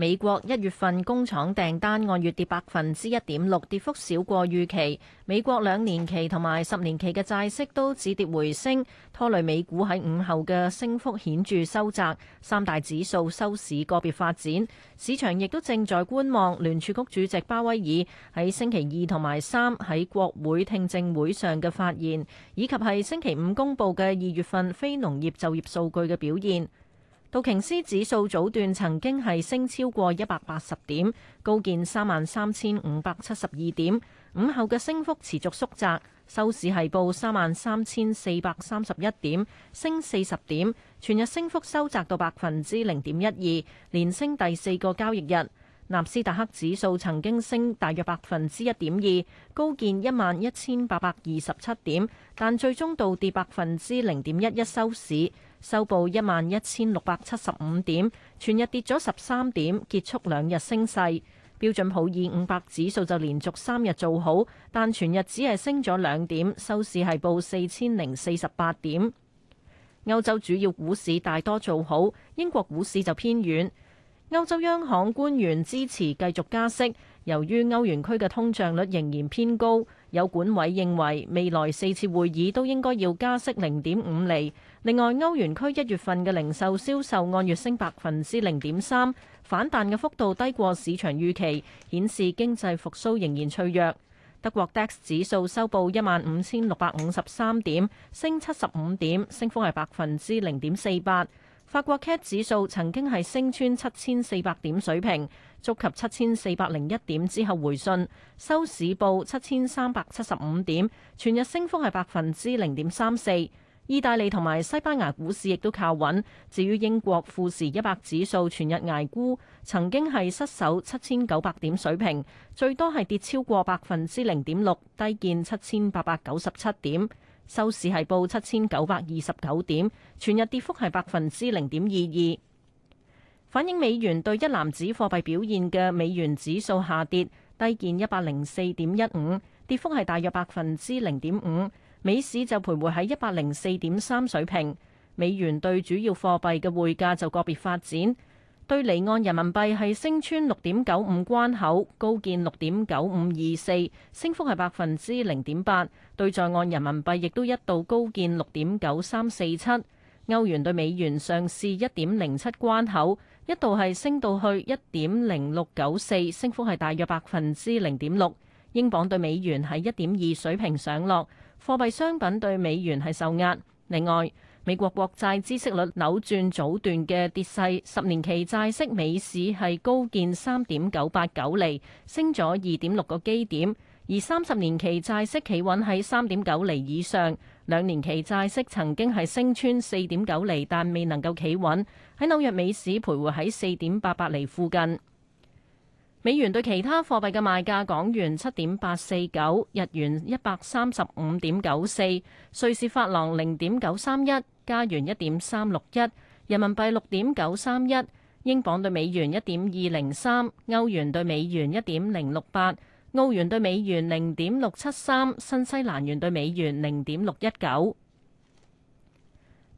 美國一月份工廠訂單按月跌百分之一點六，跌幅少過預期。美國兩年期同埋十年期嘅債息都止跌回升，拖累美股喺午後嘅升幅顯著收窄。三大指數收市個別發展，市場亦都正在觀望聯儲局主席鮑威爾喺星期二同埋三喺國會聽證會上嘅發言，以及係星期五公佈嘅二月份非農業就業數據嘅表現。道瓊斯指數早段曾經係升超過一百八十點，高見三萬三千五百七十二點。午後嘅升幅持續縮窄，收市係報三萬三千四百三十一點，升四十點，全日升幅收窄到百分之零點一二，連升第四個交易日。納斯達克指數曾經升大約百分之一點二，高見一萬一千八百二十七點，但最終倒跌百分之零點一一收市。收報一萬一千六百七十五點，全日跌咗十三點，結束兩日升勢。標準普爾五百指數就連續三日做好，但全日只係升咗兩點，收市係報四千零四十八點。歐洲主要股市大多做好，英國股市就偏軟。歐洲央行官員支持繼續加息，由於歐元區嘅通脹率仍然偏高。有管委認為，未來四次會議都應該要加息零點五厘。另外，歐元區一月份嘅零售銷售按月升百分之零點三，反彈嘅幅度低過市場預期，顯示經濟復甦仍然脆弱。德國 DAX 指數收報一萬五千六百五十三點，升七十五點，升幅係百分之零點四八。法國 CAC 指數曾經係升穿七千四百點水平。觸及七千四百零一點之後回順，收市報七千三百七十五點，全日升幅係百分之零點三四。意大利同埋西班牙股市亦都靠穩。至於英國富時一百指數全日捱沽，曾經係失守七千九百點水平，最多係跌超過百分之零點六，低見七千八百九十七點，收市係報七千九百二十九點，全日跌幅係百分之零點二二。反映美元對一籃子貨幣表現嘅美元指數下跌，低見一百零四點一五，跌幅係大約百分之零點五。美市就徘徊喺一百零四點三水平。美元對主要貨幣嘅匯價就個別發展，對離岸人民幣係升穿六點九五關口，高見六點九五二四，升幅係百分之零點八。對在岸人民幣亦都一度高見六點九三四七。歐元對美元上試一點零七關口。一度係升到去一點零六九四，升幅係大約百分之零點六。英鎊對美元係一點二水平上落，貨幣商品對美元係受壓。另外，美國國債孳息率扭轉早段嘅跌勢，十年期債息美市係高見三點九八九厘，升咗二點六個基點。而三十年期債息企穩喺三點九厘以上，兩年期債息曾經係升穿四點九厘，但未能夠企穩，喺紐約美市徘徊喺四點八八厘附近。美元對其他貨幣嘅賣價：港元七點八四九，日元一百三十五點九四，瑞士法郎零點九三一，加元一點三六一，人民幣六點九三一，英鎊對美元一點二零三，歐元對美元一點零六八。澳元對美元零點六七三，新西蘭元對美元零點六一九。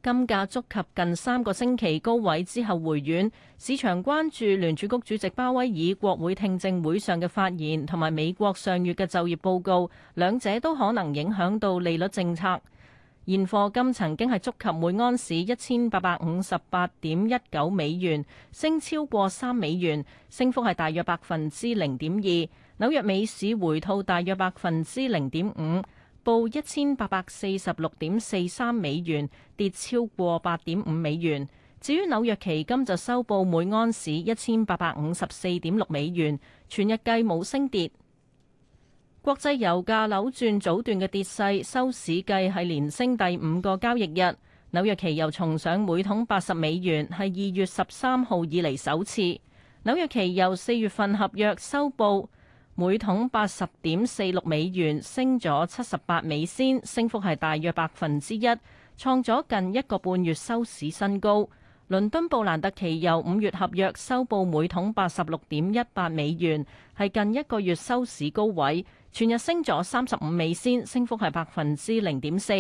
金價觸及近三個星期高位之後回軟，市場關注聯儲局主席鮑威爾國會聽證會上嘅發言，同埋美國上月嘅就業報告，兩者都可能影響到利率政策。現貨金曾經係觸及每盎司一千八百五十八點一九美元，升超過三美元，升幅係大約百分之零點二。紐約美市回吐大約百分之零點五，報一千八百四十六點四三美元，跌超過八點五美元。至於紐約期金就收報每安士一千八百五十四點六美元，全日計冇升跌。國際油價扭轉早段嘅跌勢，收市計係連升第五個交易日。紐約期油重上每桶八十美元，係二月十三號以嚟首次。紐約期油四月份合約收報，每桶八十點四六美元，升咗七十八美仙，升幅係大約百分之一，創咗近一個半月收市新高。倫敦布蘭特期油五月合約收報每桶八十六點一八美元，係近一個月收市高位，全日升咗三十五美仙，升幅係百分之零點四。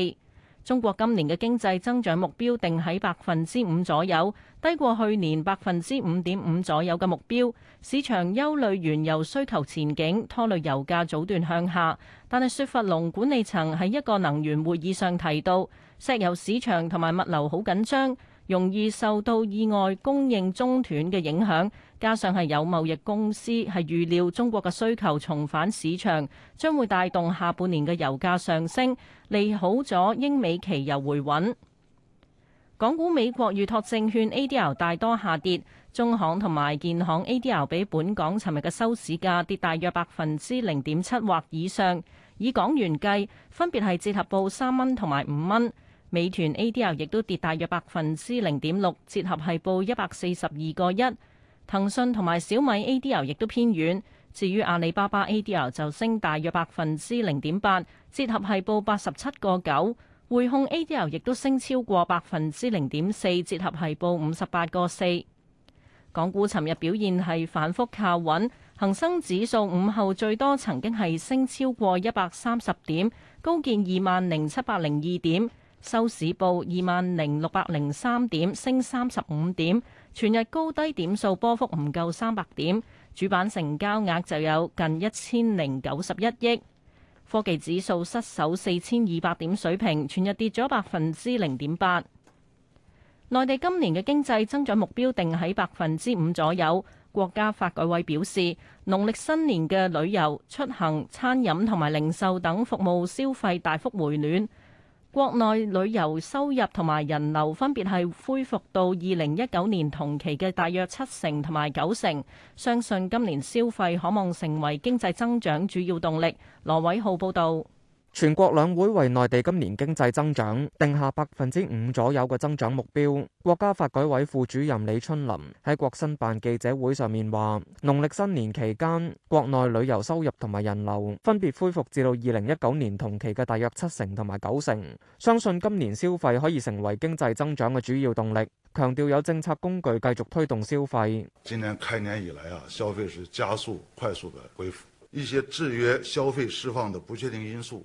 中國今年嘅經濟增長目標定喺百分之五左右，低過去年百分之五點五左右嘅目標。市場憂慮原油需求前景，拖累油價早段向下，但係雪佛龍管理層喺一個能源會議上提到，石油市場同埋物流好緊張。容易受到意外供應中斷嘅影響，加上係有貿易公司，係預料中國嘅需求重返市場將會帶動下半年嘅油價上升，利好咗英美期油回穩。港股美國預託證券 ADR 大多下跌，中行同埋建行 ADR 比本港尋日嘅收市價跌大約百分之零點七或以上，以港元計分別係折合報三蚊同埋五蚊。美團 A.D.R 亦都跌大約百分之零點六，折合係報一百四十二個一。騰訊同埋小米 A.D.R 亦都偏軟。至於阿里巴巴 A.D.R 就升大約百分之零點八，折合係報八十七個九。匯控 A.D.R 亦都升超過百分之零點四，折合係報五十八個四。港股尋日表現係反覆靠穩，恒生指數午後最多曾經係升超過一百三十點，高見二萬零七百零二點。收市報二萬零六百零三點，升三十五點，全日高低點數波幅唔夠三百點，主板成交額就有近一千零九十一億。科技指數失守四千二百點水平，全日跌咗百分之零點八。內地今年嘅經濟增長目標定喺百分之五左右。國家發改委表示，農曆新年嘅旅遊、出行、餐飲同埋零售等服務消費大幅回暖。國內旅遊收入同埋人流分別係恢復到二零一九年同期嘅大約七成同埋九成，相信今年消費可望成為經濟增長主要動力。羅偉浩報導。全國兩會為內地今年經濟增長定下百分之五左右嘅增長目標。國家發改委副主任李春林喺國新辦記者會上面話，農曆新年期間，國內旅遊收入同埋人流分別恢復至到二零一九年同期嘅大約七成同埋九成。相信今年消費可以成為經濟增長嘅主要動力，強調有政策工具繼續推動消費。今年開年以來啊，消費是加速快速嘅恢復，一些制約消費釋放嘅不確定因素，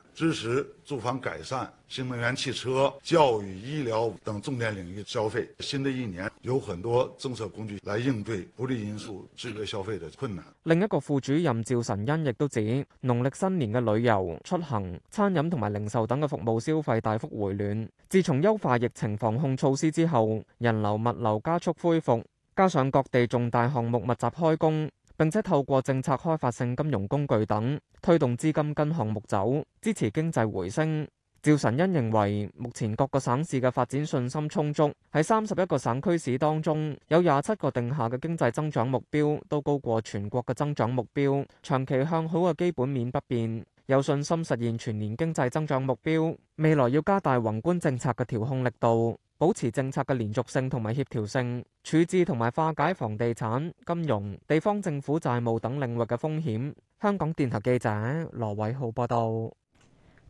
支持住房改善、新能源汽車、教育、醫療等重點領域消費。新的一年有很多政策工具來應對不利因素制約消費的困難。另一個副主任趙晨恩亦都指，農曆新年嘅旅遊、出行、餐飲同埋零售等嘅服務消費大幅回暖。自從優化疫情防控措施之後，人流物流加速恢復，加上各地重大項目密集開工。並且透過政策開發性金融工具等推動資金跟項目走，支持經濟回升。趙晨恩認為，目前各個省市嘅發展信心充足，喺三十一個省區市當中，有廿七個定下嘅經濟增長目標都高過全國嘅增長目標，長期向好嘅基本面不變，有信心實現全年經濟增長目標。未來要加大宏觀政策嘅調控力度。保持政策嘅連續性同埋協調性，處置同埋化解房地產、金融、地方政府債務等領域嘅風險。香港電台記者羅偉浩報道。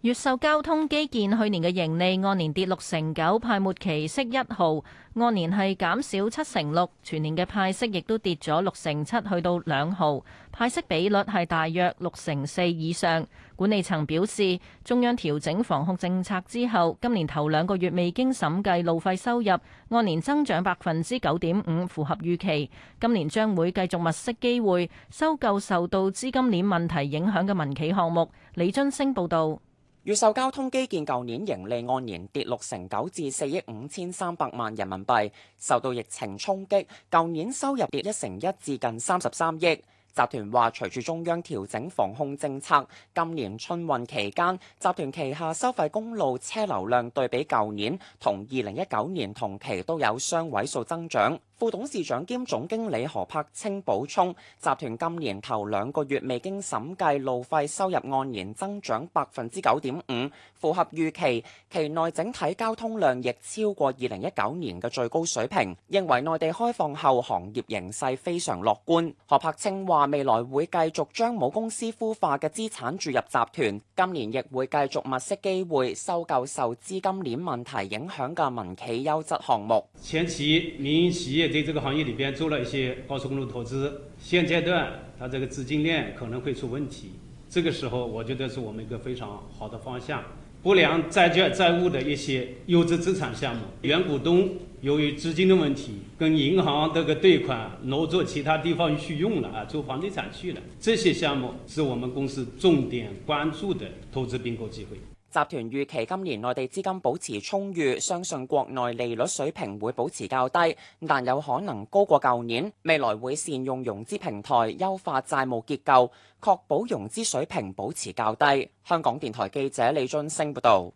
越秀交通基建去年嘅盈利按年跌六成九，派末期息一毫，按年係減少七成六。全年嘅派息亦都跌咗六成七，去到兩毫。派息比率係大約六成四以上。管理層表示，中央調整防控政策之後，今年頭兩個月未經審計路費收入按年增長百分之九點五，符合預期。今年將會繼續物色機會收購受到資金鏈問題影響嘅民企項目。李津升報道。越秀交通基建舊年盈利按年跌六成九，至四億五千三百萬人民幣。受到疫情衝擊，舊年收入跌一成一，至近三十三億。集團話，隨住中央調整防控政策，今年春運期間，集團旗下收費公路車流量對比舊年同二零一九年同期都有雙位數增長。副董事長兼總經理何柏清補充，集團今年頭兩個月未經審計路費收入按年增長百分之九點五，符合預期。期內整體交通量亦超過二零一九年嘅最高水平，認為內地開放後行業形勢非常樂觀。何柏清話：未來會繼續將母公司孵化嘅資產注入集團，今年亦會繼續物色機會，收購受資金鏈問題影響嘅民企優質項目。前期民營企業。在這個行業裏邊做了一些高速公路投資，現階段它這個資金鏈可能會出問題，這個時候我覺得是我們一個非常好的方向。不良債券債，債，債務的一些優質資產項目，原股東由於資金的問題，跟銀行這個貸款挪作其他地方去用了啊，做房地產去了，這些項目是我們公司重點關注的投資併購機會。.集團預期今年內地資金保持充裕，相信國內利率水平會保持較低，但有可能高過舊年。未來會善用融資平台優化債務結構，確保融資水平保持較低。香港電台記者李俊升報道。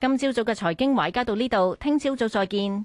今朝早嘅財經華爾街到呢度，聽朝早，早再見。